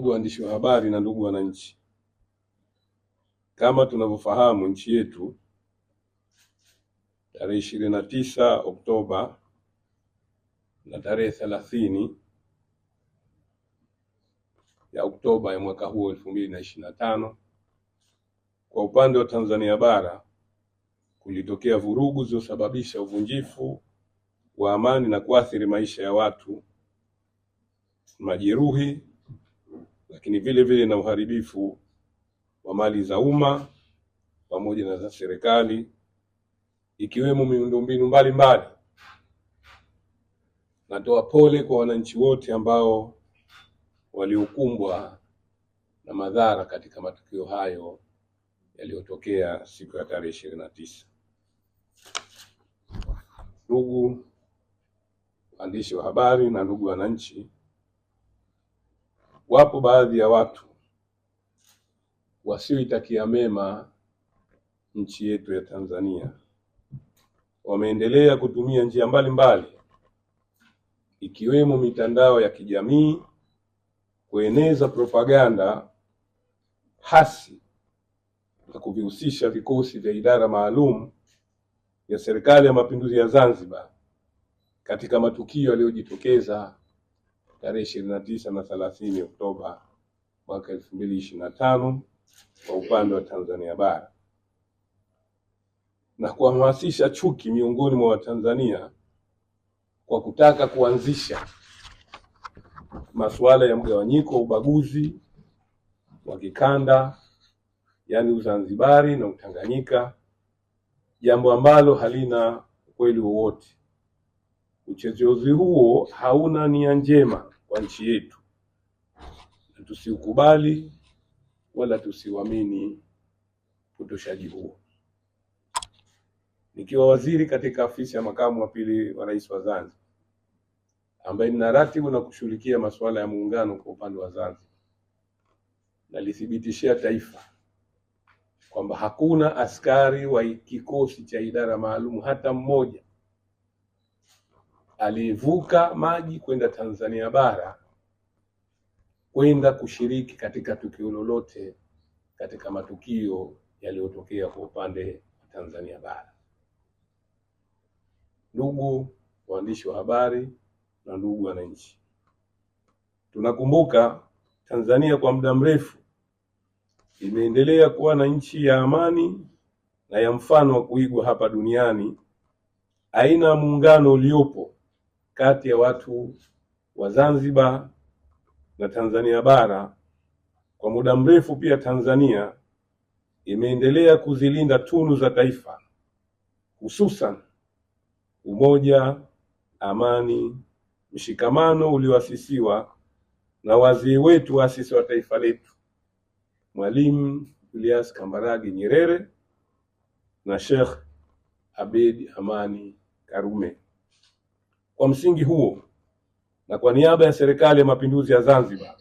ndugu waandishi wa habari na ndugu wananchi, kama tunavyofahamu nchi yetu tarehe ishirini na tisa Oktoba na tarehe thelathini ya Oktoba ya mwaka huo elfu mbili na ishirini na tano kwa upande wa Tanzania bara kulitokea vurugu zilizosababisha uvunjifu wa amani na kuathiri maisha ya watu, majeruhi lakini vile vile na uharibifu wa mali za umma pamoja na za serikali ikiwemo miundombinu mbalimbali. Natoa pole kwa wananchi wote ambao waliokumbwa na madhara katika matukio hayo yaliyotokea siku ya tarehe ishirini na tisa. Ndugu waandishi wa habari na ndugu wananchi Wapo baadhi ya watu wasioitakia mema nchi yetu ya Tanzania, wameendelea kutumia njia mbalimbali mbali, ikiwemo mitandao ya kijamii kueneza propaganda hasi na kuvihusisha vikosi vya idara maalum ya Serikali ya Mapinduzi ya Zanzibar katika matukio yaliyojitokeza tarehe ishirini na tisa na thelathini Oktoba mwaka elfu mbili ishirini na tano kwa upande wa Tanzania Bara na kuhamasisha chuki miongoni mwa Watanzania kwa kutaka kuanzisha masuala ya mgawanyiko wa ubaguzi wa kikanda, yaani Uzanzibari na Utanganyika, jambo ambalo halina ukweli wowote. Uchochezi huo hauna nia njema kwa nchi yetu, na tusiukubali wala tusiuamini upotoshaji huo. Nikiwa waziri katika afisi ya makamu wa pili wa rais wa Zanzibar, ambaye nina ratibu na kushughulikia masuala ya muungano kwa upande wa Zanzibar, nalithibitishia taifa kwamba hakuna askari wa kikosi cha idara maalum hata mmoja alivuka maji kwenda Tanzania bara kwenda kushiriki katika tukio lolote katika matukio yaliyotokea kwa upande wa Tanzania bara. Ndugu waandishi wa habari na ndugu wananchi, tunakumbuka Tanzania kwa muda mrefu imeendelea kuwa na nchi ya amani na ya mfano wa kuigwa hapa duniani, aina ya muungano uliopo kati ya watu wa Zanzibar na Tanzania bara. Kwa muda mrefu pia Tanzania imeendelea kuzilinda tunu za taifa, hususan umoja, amani, mshikamano ulioasisiwa na wazee wetu waasisi wa taifa letu Mwalimu Julius Kambarage Nyerere na Sheikh Abedi Amani Karume. Kwa msingi huo na kwa niaba ya Serikali ya Mapinduzi ya Zanzibar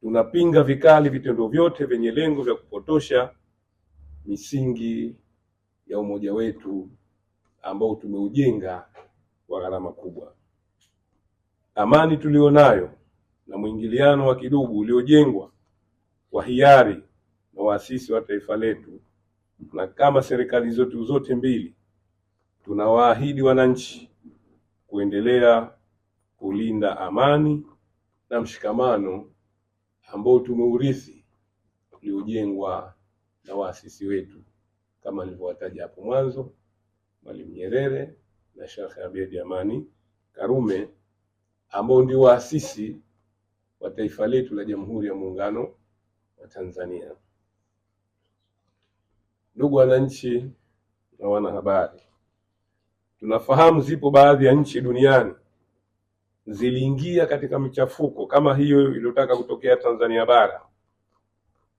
tunapinga vikali vitendo vyote vyenye lengo vya kupotosha misingi ya umoja wetu ambao tumeujenga kwa gharama kubwa. Amani tulionayo na mwingiliano wa kidugu uliojengwa kwa hiari na waasisi wa taifa letu, na kama serikali zetu zote mbili tunawaahidi wananchi kuendelea kulinda amani na mshikamano ambao tumeurithi uliojengwa na waasisi wetu kama nilivyowataja hapo mwanzo, Mwalimu Nyerere na Sheikh Abeid Amani Karume ambao ndio waasisi wa taifa letu la Jamhuri ya Muungano wa Tanzania. Ndugu wananchi na wanahabari Tunafahamu zipo baadhi ya nchi duniani ziliingia katika michafuko kama hiyo iliyotaka kutokea Tanzania bara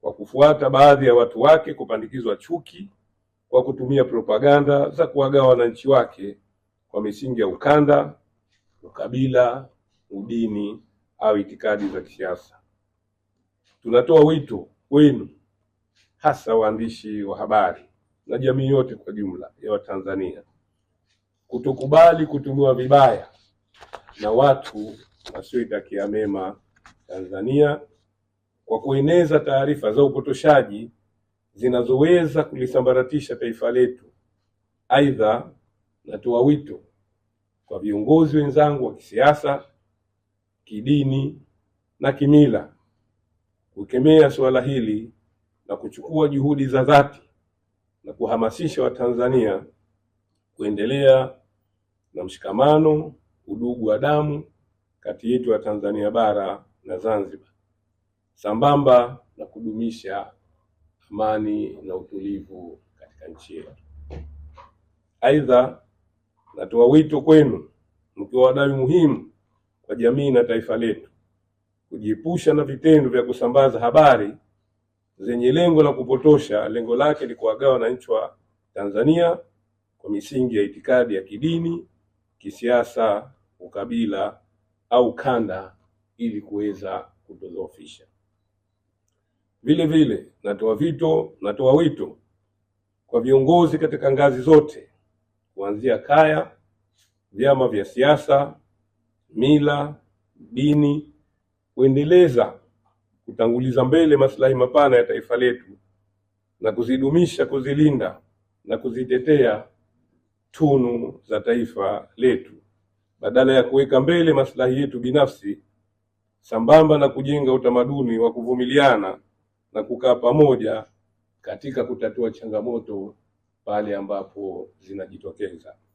kwa kufuata baadhi ya watu wake kupandikizwa chuki kwa kutumia propaganda za kuwagawa wananchi wake kwa misingi ya ukanda, ukabila, udini au itikadi za kisiasa. Tunatoa wito wenu hasa waandishi wa habari na jamii yote kwa jumla ya Watanzania kutokubali kutumiwa vibaya na watu wasioitakia mema Tanzania kwa kueneza taarifa za upotoshaji zinazoweza kulisambaratisha taifa letu. Aidha, natoa wito kwa viongozi wenzangu wa kisiasa, kidini na kimila kukemea suala hili na kuchukua juhudi za dhati na kuhamasisha Watanzania kuendelea na mshikamano, udugu wa damu kati yetu ya Tanzania bara na Zanzibar, sambamba na kudumisha amani na utulivu katika nchi yetu. Aidha, natoa wito kwenu mkiwa wadau muhimu kwa jamii na taifa letu kujiepusha na vitendo vya kusambaza habari zenye lengo la kupotosha. Lengo lake ni kuwagawa wananchi wa Tanzania kwa misingi ya itikadi ya kidini, kisiasa, ukabila au kanda ili kuweza kutodhoofisha. Vile vile natoa vito natoa wito kwa viongozi katika ngazi zote kuanzia kaya, vyama vya siasa, mila, dini kuendeleza kutanguliza mbele maslahi mapana ya taifa letu na kuzidumisha, kuzilinda na kuzitetea tunu za taifa letu badala ya kuweka mbele maslahi yetu binafsi sambamba na kujenga utamaduni wa kuvumiliana na kukaa pamoja katika kutatua changamoto pale ambapo zinajitokeza.